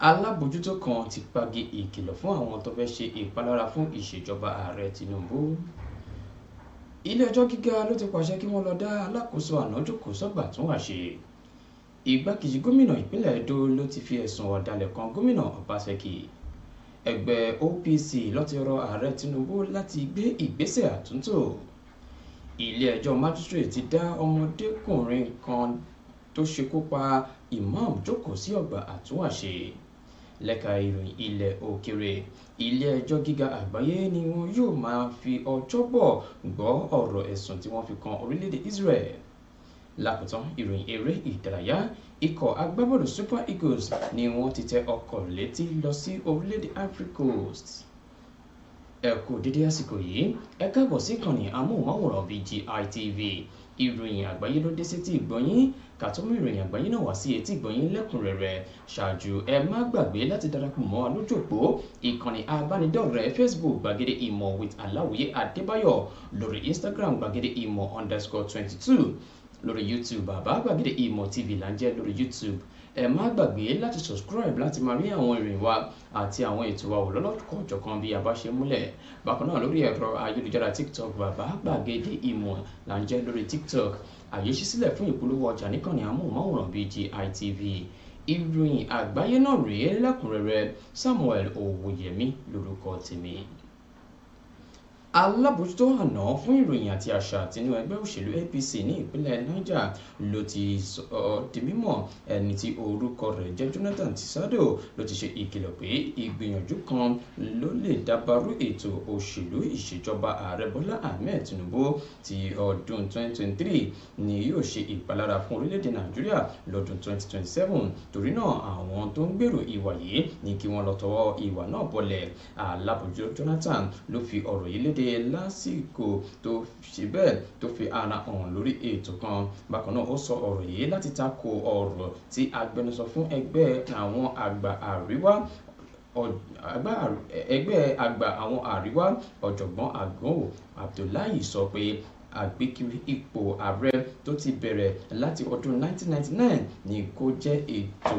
alábòójútó kan ti fagi ìkìlọ̀ fún àwọn tó fẹ́ ṣe ìpalára fún ìṣèjọba ààrẹ Tinubu ilé-ẹjọ́ gíga ló ti pàṣẹ kí wọ́n lọ dá alákòóso àná jókòó sọ́gbà tún wà ṣe igbákejì gómìnà ìpínlẹ̀ Edo ló ti fi ẹ̀sùn ọ̀dàlẹ̀ kan gómìnà Obaseki ẹgbẹ́ OPC ló ti rọ ààrẹ Tinubu láti gbé ìgbésẹ̀ àtúntò ilé-ẹjọ́ májísírèètì ti dá ọmọdékùnrin kan tó ṣekú pa Imam jókòó sí ọgbà àtúnwàṣe lẹ́ka ìròyìn ilẹ̀ òkèrè ilé ẹjọ́ gíga àgbáyé ni wọn yóò máa fi ọjọ́bọ̀ gbọ́ ọ̀rọ̀ ẹ̀sùn tí wọ́n fi kan orílẹ̀-èdè Israel lákòótán ìròyìn eré ìdárayá ikọ̀ agbábọ́ọ̀lù Super Eagles ni wọ́n ti tẹ ọkọ̀ létí lọ sí orílẹ̀-èdè Ivory Coast ẹ kú dédé àsìkò yìí ẹ káàbọ̀ sí ìkànnì amóhùnmáwòrán BGI TV ìròyìn àgbáyé ló dé sí ti ìgbọ́yín kàtúmọ̀ ìròyìn àgbáyé náà wá sí etí ìgbọ́yín lẹ́kùnrẹ́rẹ́ ṣáájú ẹ má gbàgbé láti darapọ̀ mọ́ alójòpó ìkànnì abánidọ́rẹ̀ẹ́ Facebook gbàgede ìmọ̀ with aláwòye adébáyọ̀ lórí Instagram gbàgede ìmọ̀ underscore twenty two lórí YouTube bàbá gbàgede ìmọ̀ TV là ń jẹ́ lórí YouTube ẹ má gbàgbé láti subscribe láti máa rí àwọn ìròyìn wa àti àwọn ètò wa wò lọ́lọ́kọ̀ ọ̀jọ̀kan bí a bá ṣe múlẹ̀ bákan náà lórí ẹ̀rọ ayélujára tiktok bàbá gbàgede ìmọ̀ là ń jẹ́ lórí tiktok àyè ṣí sílẹ̀ fún ìpolówó ọjà níkànnì amóhùnmáwòrán BGI TV ìròyìn àgbáyé náà rèé lẹ́kùnrẹ́rẹ́ Samuel Owóyẹmí lórúkọ tèmi alábòójútó àná fún ìròyìn àti àṣà àtinú ẹgbẹ́ òṣèlú APC ní ìpínlẹ̀ Niger ló ti sọ ọ́ di mímọ̀ ẹni tí orúkọ rẹ̀ jẹ́ Jonathan Tisado ló ti ṣe ìkìlọ̀ pé ìgbìyànjú kan ló lè dàbàrú ètò òṣèlú ìṣèjọba ààrẹ Bọ́lá Ahmed Tinubu ti ọdún 2023 ni yóò ṣe ìpalára fún orílẹ̀-èdè Nàìjíríà lọ́dún 2027 torí náà àwọn tó ń gbèrò ìwà yìí ni kí wọ́n lọ tọwọ́ ìwà náà bọlẹ̀ alábòójútó Jonathan ló fi ọ̀rọ̀ yìí léde lásìkò tó ṣe bẹ́ẹ̀ tó fi ara hàn lórí ètò kan bákan náà ó sọ ọ̀rọ̀ yìí láti tako ọ̀rọ̀ tí agbẹnusọ fún ẹgbẹ́ àwọn àgbà àríwá ẹgbẹ́ àgbà àwọn àríwá ọ̀jọ̀gbọ́n àgọ́wò Abdullahi sọ pé àgbékiri ipò ààrẹ tó ti bẹ̀rẹ̀ láti ọdún 1999 ni kò jẹ́ ètò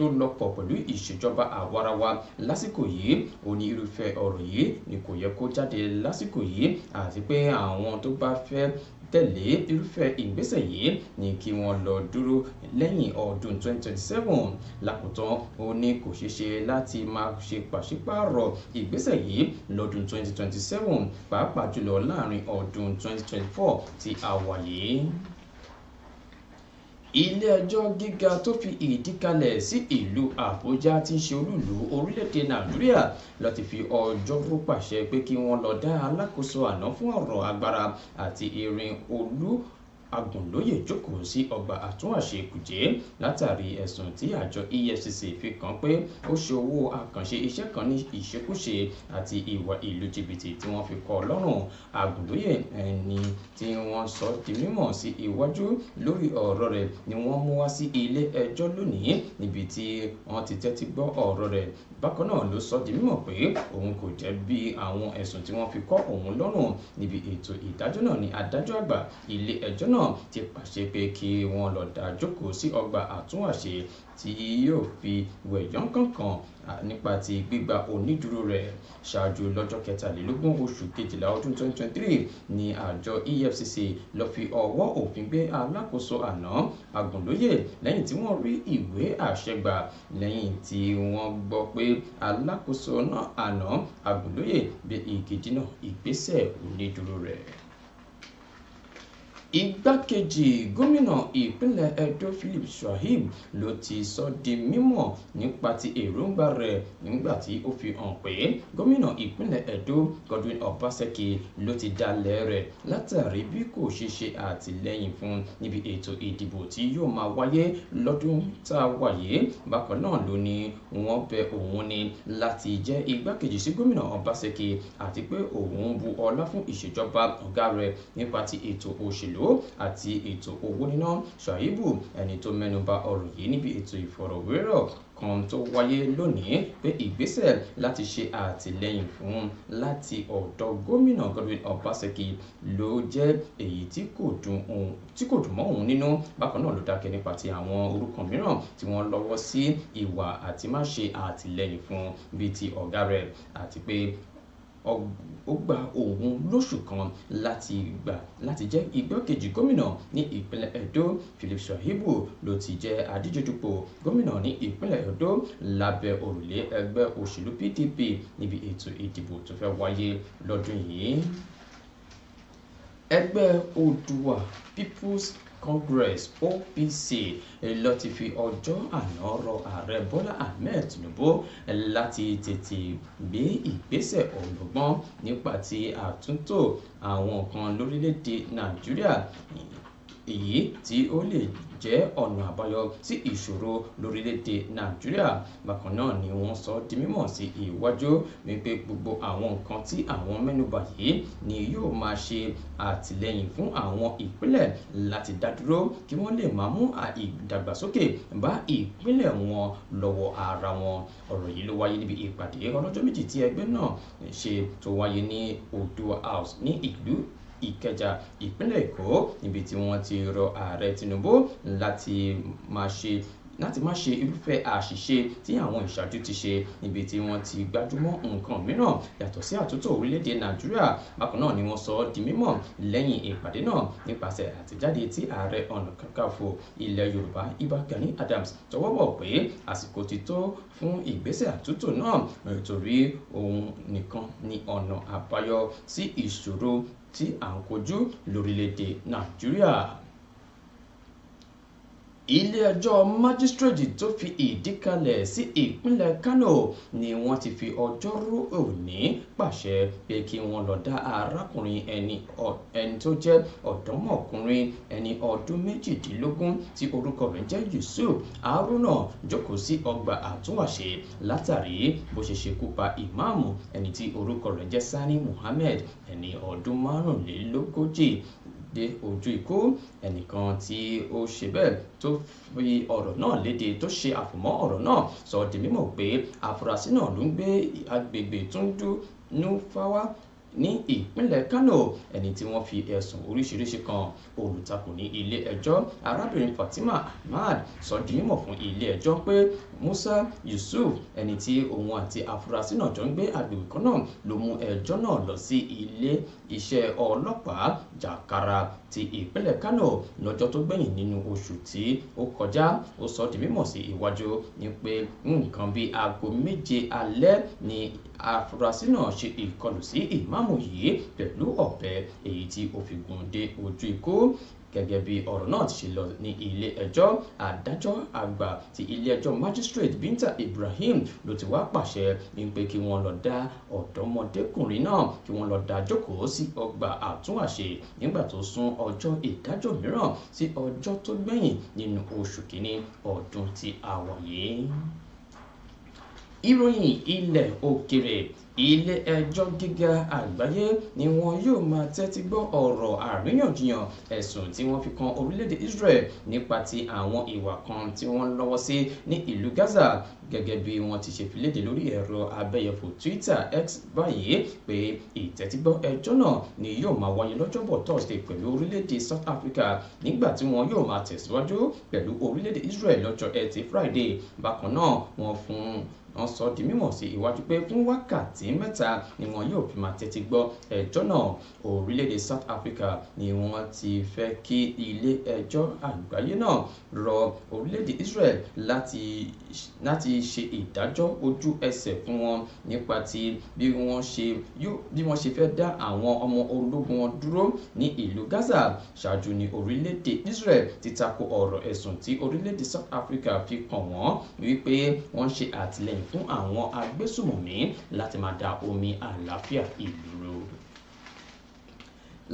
tó lọ pọ̀ pẹ̀lú ìṣèjọba àwarawa lásìkò yìí ó ní irúfẹ́ ọ̀rọ̀ yìí ni kò yẹ kó jáde lásìkò yìí àti pé àwọn tó bá fẹ́ tẹ̀lé irúfẹ́ ìgbésẹ̀ yìí ni kí wọ́n lọ dúró lẹ́yìn ọdún 2027 lákòótán ó ní kò ṣeé ṣe láti máa ṣe pàṣípààrọ̀ ìgbésẹ̀ yìí lọ́dún 2027 pàápàá jùlọ láàrin ọdún 2024 tí a wà yìí ilé-ẹjọ́ gíga tó fi ìdí kalẹ̀ sí ìlú àbújá tí í ṣe olúìlú orílẹ̀-èdè nàìjíríà ló ti fi ọjọ́rú pàṣẹ pé kí wọ́n lọ dá alákòóso àná fún ọ̀rọ̀ agbára àti irin olú Agùnlóyè jókòó sí ọgbà àtúnàṣe Kùjé látàrí ẹ̀sùn tí àjọ EFCC fi kàn pé ó ṣe owó àkànṣe iṣẹ́ kan ní ìṣekúṣe àti ìwà ìlú jìbìtì tí wọ́n fi kọ́ ọ lọ́rùn. Agùnlóyè ẹni tí wọ́n sọ di mímọ̀ sí iwájú lórí ọ̀rọ̀ rẹ̀ ni wọ́n mú wá sí ilé ẹjọ́ lónìí níbi tí wọ́n ti tẹ́tí gbọ́ ọ̀rọ̀ rẹ̀. Bákan náà ló sọ di mímọ̀ pé òun kò jẹ̀bi àwọn ẹ̀sùn tí wọ́n fi kọ́ òun lọ́rùn níbi ètò ìdájọ́ náà ni adájọ́ àgbà ilé ẹjọ́ náà náà ti pàṣẹ pé kí wọ́n lọ dá jókòó sí ọgbà àtúnwàṣe tí yóò fi wẹ̀yán kankan nípa ti gbígba onídùúró rẹ̀ ṣáájú lọ́jọ́ kẹtàlélógún oṣù kejìlá ọdún 2023 ni àjọ EFCC lọ fi ọwọ́ òfin gbé alákòóso àná Àgùnlóyè lẹ́yìn tí wọ́n rí ìwé àṣẹ gbà lẹ́yìn tí wọ́n gbọ́ pé alákòóso náà àná Àgùnlóyè gbé ìgèdínà ìgbésẹ̀ onídùúró rẹ̀ igbákejì gómìnà ìpínlẹ̀ Edo Philip Shahib ló ti sọ di mímọ̀ nípa ti èròǹgbà rẹ̀ nígbà tí ó fi hàn pé gómìnà ìpínlẹ̀ Edo Godwin Obaseki ló ti dalẹ̀ rẹ̀ látàrí bí kò ṣe ṣe àtìlẹ́yìn fún níbi ètò ìdìbò tí yóò máa wáyé lọ́dún tá a wà bákan náà ló ní wọ́n bẹ òun ni láti jẹ́ igbákejì sí gómìnà Obaseki àti pé òun bu ọlá fún ìṣèjọba ọ̀gá rẹ̀ nípa ti ètò òṣèlú ìlú àti ètò owó níná Shaibu ẹni tó mẹ́nuba ọ̀rọ̀ yìí níbi ètò ìfọ̀rọ̀wérọ̀ kan tó wáyé lónìí pé ìgbésẹ̀ láti ṣe àtìlẹ́yìn fún láti ọ̀dọ̀ gómìnà Godwin Obaseki ló jẹ́ èyí tí kò dùn mọ́ òun nínú bákan náà ló dákẹ́ nípa ti àwọn orúkọ mìíràn tí wọ́n lọ́wọ́ sí ìwà àti má ṣe àtìlẹ́yìn fún bíi ti ọ̀gá rẹ̀ àti pé ó gba òun lóṣù kan láti gbà láti jẹ́ igbákejì gómìnà ní ìpínlẹ̀ Edo Philip Swahibu ló ti jẹ́ adíjọ́dúpọ̀ gómìnà ní ìpínlẹ̀ Edo lábẹ́ òrùlé ẹgbẹ́ òṣèlú PDP níbi ètò ìdìbò tó fẹ́ wáyé lọ́dún yìí ẹgbẹ́ oòdùà people's congress opc ló ti fi ọjọ́ àná rọ ààrẹ bọ́lá ahmed tinubu láti tètè gbé ìgbésẹ̀ ọlọ́gbọ́n nípa ti àtúntò àwọn nǹkan lórílẹ̀‐èdè nàìjíríà èyí tí ó lè jẹ́ ọ̀nà àbáyọ sí ìṣòro lórílẹ̀‐èdè nàìjíríà bákan náà ni wọ́n sọ di mímọ̀ sí iwájú wípé gbogbo àwọn nǹkan tí àwọn mẹ́nubà yìí ni yóò máa ṣe àtìlẹ́yìn fún àwọn ìpínlẹ̀ láti dá dúró kí wọ́n lè máa mú ìdàgbàsókè bá ìpínlẹ̀ wọn lọ́wọ́ ara wọn ọ̀rọ̀ yìí ló wáyé níbi ìpàdé ọlọ́jọ́ méjì tí ẹgbẹ́ náà ṣe tó wáyé ní Oòduà House ní ìlú ìkẹjà ìpínlẹ̀ èkó níbi tí wọ́n ti rọ ààrẹ tinubu láti máa ṣe láti má ṣe irúfẹ́ àṣìṣe tí àwọn ìṣáájú ti ṣe níbi tí wọ́n ti gbájúmọ́ nǹkan mìíràn yàtọ̀ sí àtúntò orílẹ̀-èdè nàìjíríà bákan náà ni wọ́n sọ ọ́ di mímọ̀ lẹ́yìn ìpàdé náà nípasẹ̀ àtẹ̀jáde tí ààrẹ ọ̀nà kakanfò ilẹ̀ yorùbá ibà gani adams tọwọ́ bọ̀ pé àsìkò ti tó fún ìgbésẹ̀ àtúntò náà nítorí òun nìkan ni ọ̀nà àbáyọ sí ìṣòro tí à ń kojú lórílẹ̀‐èdè nàìjíríà ilé-ẹjọ́ májísírèètì tó fi ìdí kalẹ̀ sí ìpínlẹ̀ Kánò ni wọ́n ti fi ọjọ́rú òní pàṣẹ pé kí wọ́n lọ dá arákùnrin ẹni tó jẹ́ ọ̀dọ́mọkùnrin ẹni ọdún méjìdínlógún tí orúkọ rẹ̀ jẹ́ Yusuf Haruna jókòó sí ọgbà àtúnwàṣe látàrí bó ṣe ṣekú pa ìmáàmù ẹni tí orúkọ rẹ̀ jẹ́ Sani Muhammed ẹni ọdún márùnlélógójì dé ojú ikú ẹnìkan tí ó ṣe bẹ́ẹ̀ tó fi ọ̀rọ̀ náà léde tó ṣe àfòmọ́ ọ̀rọ̀ náà sọ di mímọ̀ pé afurasí náà ló ń gbé agbègbè Túndú Nufawa ní ìpínlẹ̀ Kánò ẹni tí wọ́n fi ẹ̀sùn oríṣiríṣi kan olùtakùn ní ilé ẹjọ́ arábìnrin Fatima Ahmad sọ di mímọ̀ fún ilé ẹjọ́ pé Musa Yusuf ẹni tí òun àti afurasí náà jọ ń gbé agbègbè kan náà ló mú ẹjọ́ náà lọ sí ilé iṣẹ́ ọlọ́pàá jàǹkàrà ti ìpínlẹ̀ Kánò lọ́jọ́ tó gbẹ̀yìn nínú oṣù tí ó kọjá ó sọ di mímọ̀ sí iwájú ni pé nǹkan bíi aago méje alẹ́ ni afurasí náà ṣe ìkọlù sí ìmáàmù yìí pẹ̀lú ọ̀bẹ èyí tí ó fi gún dé ojú ikú gẹ́gẹ́ bí ọ̀rọ̀ náà ti ṣe lọ ní ilé ẹjọ́ adájọ́ àgbà ti ilé ẹjọ́ magistrate Binta Ibrahim ló ti wá pàṣẹ wípé kí wọ́n lọ dá ọ̀dọ́mọdékùnrin náà kí wọ́n lọ dá jókòó sí ọgbà àtúnwàṣe nígbà tó sún ọjọ́ ìdájọ́ mìíràn sí ọjọ́ tó gbẹ̀yìn nínú oṣù kínní ọdún tí a wà yìí ìròyìn ilẹ̀ òkèrè ilé ẹjọ́ gíga àgbáyé ni wọn yóò máa tẹ́tí gbọ́ ọ̀rọ̀ àríyànjiyàn ẹ̀sùn tí wọ́n fi kan orílẹ̀-èdè Israel nípa ti àwọn ìwà kan tí wọ́n lọ́wọ́ sí ní ìlú Gaza gẹ́gẹ́ bí wọ́n ti ṣe fi léde lórí ẹ̀rọ abẹ́yẹfò Twitter X báyìí pé ìtẹ́tígbọ́ ẹjọ́ náà ni yóò máa wáyé lọ́jọ́bọ̀ Thursday pẹ̀lú orílẹ̀-èdè South Africa nígbà tí wọn yóò máa tẹ̀síwájú pẹ̀lú orílẹ̀-èdè Israel lọ́jọ́ ẹtì Friday bákan náà wọ́n fún wọ́n sọ di mímọ̀ sí iwájú pé fún wákàtí mẹ́ta ni wọn yóò fi máa tẹ́tí gbọ́ ẹjọ́ náà orílẹ̀ South Africa ni wọ́n ti fẹ́ kí ilé ẹjọ́ àgbáyé náà rọ orílẹ̀ Israel láti láti ṣe ìdájọ́ ojú ẹsẹ̀ fún wọn nípa ti bí wọ́n ṣe bí wọ́n ṣe fẹ́ dá àwọn ọmọ ológun wọn dúró ní ìlú Gaza ṣáájú ní orílẹ̀ Israel ti tako ọ̀rọ̀ ẹ̀sùn tí orílẹ̀ South Africa fi kàn wọ́n wípé wọ́n ṣe àtìlẹ́yìn fún àwọn agbésùmọ̀mí láti máa da omi àlàáfíà ìlú rú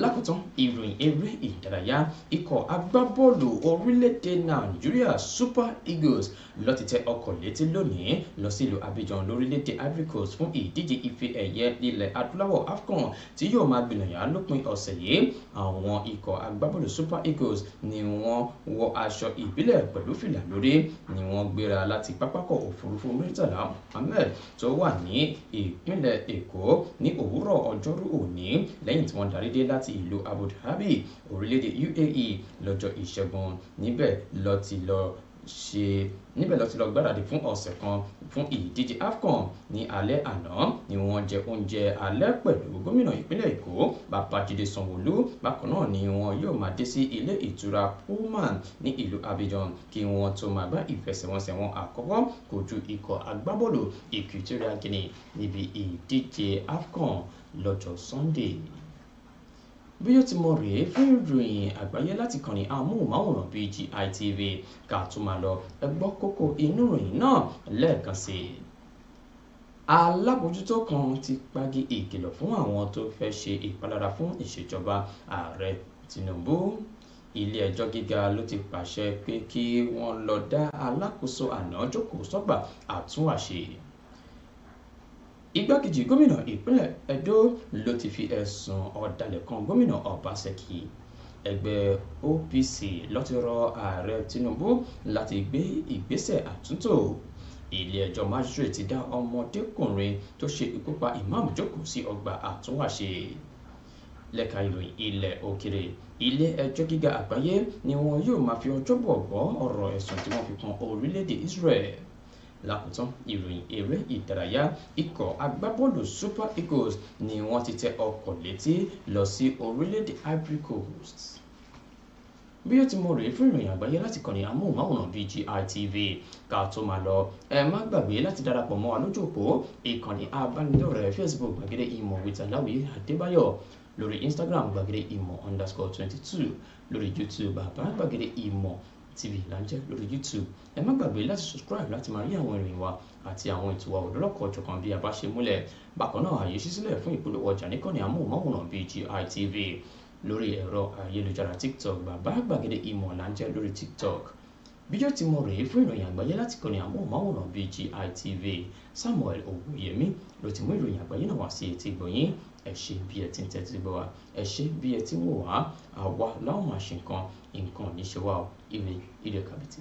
lákòótán ìròyìn eré ìdárayá ikọ̀ agbábọ́ọ̀lù orílẹ̀-èdè nàìjíríà super eagles ló ti tẹ ọkọ̀ létí lónìí lọ sílùú abidjan lórílẹ̀-èdè ivory coast fún ìdíje ife ẹ̀yẹ ilẹ̀ adúláwọ̀ afcon tí yóò máa gbìyànjú lópin ọ̀sẹ̀ yìí àwọn ikọ̀ agbábọ́ọ̀lù super eagles ni wọ́n wọ aṣọ ìbílẹ̀ pẹ̀lú fìlà lórí ni wọ́n gbéra láti pápákọ̀ òfurufú murtala mohammed tó wà ní ìpínlẹ̀ èkó ní òwúrọ̀ ọjọ́rú òní lẹ́yìn tí wọ́n darí dé láti láti ìlú Abu Dhabi orílẹ̀-èdè UAE lọ́jọ́ ìṣẹ́gun níbẹ̀ ló ti lọ ṣe níbẹ̀ ló ti lọ gbáradì fún ọ̀sẹ̀ kan fún ìdíje AFCON ní alẹ́ àná ni wọ́n jẹ oúnjẹ alẹ́ pẹ̀lú gómìnà ìpínlẹ̀ Èkó Babájídé Sanwó-Olú bákan náà ni wọn yóò máa dé sí ilé ìtura Pullman ní ìlú Abidjan kí wọ́n tó máa gbá ìfẹsẹ̀wọnsẹ̀ wọn àkọ́kọ́ kojú ikọ̀ agbábọ́ọ̀lù Equatorial Guinea níbi ìdíje AFCON lọ́jọ́ Sunday bí yóò ti mọ rèé fún ìròyìn àgbáyé láti kànnì amóhùnmáwòrán BGI TV ká tó máa lọ ẹ gbọ́ kókó inú ìròyìn náà lẹ́ẹ̀kan sí i alábòjútó kan ti pagi ìkìlọ̀ fún àwọn tó fẹ́ ṣe ìpalára fún ìṣèjọba ààrẹ Tinubu ilé ẹjọ́ gíga ló ti pàṣẹ pé kí wọ́n lọ dá alákòóso àná jókòó sọ́gbà àtúnwàṣe igbákejì gómìnà ìpínlẹ̀ Edo ló ti fi ẹ̀sùn ọ̀dàlẹ̀ kan gómìnà Obaseki ẹgbẹ́ OPC ló ti rọ ààrẹ Tinubu láti gbé ìgbésẹ̀ àtúntò ilé-ẹjọ́ magistrate ti dá ọmọdékùnrin tó ṣe ikú pa imam jókòó sí ọgbà àtúnwàṣe lẹ́ka ìròyìn ilẹ̀ òkèrè ilé ẹjọ́ gíga àgbáyé ni wọn yóò máa fi ọjọ́ bọ̀ gbọ́ ọ̀rọ̀ ẹ̀sùn tí wọ́n fi kan orílẹ̀-èdè Israel lákòótán ìròyìn eré ìdárayá ikọ̀ agbábọ́ọ̀lù Super Eagles ni wọ́n ti tẹ ọkọ̀ létí lọ sí orílẹ̀-èdè Ivory Coast bí ó ti mọ rèé fún ìròyìn àgbáyé láti kàn ní amóhùnmáwòrán BGI TV ká tó máa lọ ẹ má gbàgbé láti darapọ̀ mọ́ wa lójú ìkànnì abánidọ́rẹ̀ẹ́ Facebook gbàgede ìmọ̀ with aláwìyé adébáyọ̀ lórí Instagram gbàgede ìmọ̀ underscore twenty two lórí YouTube bàbá gbàgede ìmọ̀ tv là ń jẹ́ lórí youtube ẹ má gbàgbé láti subscribe láti máa rí àwọn ìròyìn wa àti àwọn ètò wa òdòlọ́kọ̀ ọ̀jọ̀kan bí a bá ṣe múlẹ̀ bákan náà àyè ṣí sílẹ̀ fún ìpolówó ọjà níkànnì amóhùnmáwòrán bíi gitv lórí ẹ̀rọ ayélujára tiktok bàbá gbàgede ìmọ̀ là ń jẹ́ lórí tiktok bíjọ́ tí mo rèé fún ìròyìn àgbáyé láti kọ́ni amóhùnmáwòrán BGI TV Samuel Owóyẹmí ló ti mú ìròyìn àgbáyé náà wá sí etí gbọ̀nyìn ẹ ṣé bí ẹ ti ń tẹ́tí bọ̀ wa, ẹ ṣé bí ẹ ti ń wò wá àwa láwọn máa nǹkan ò ní ṣe wá o ire ire kàbìtì.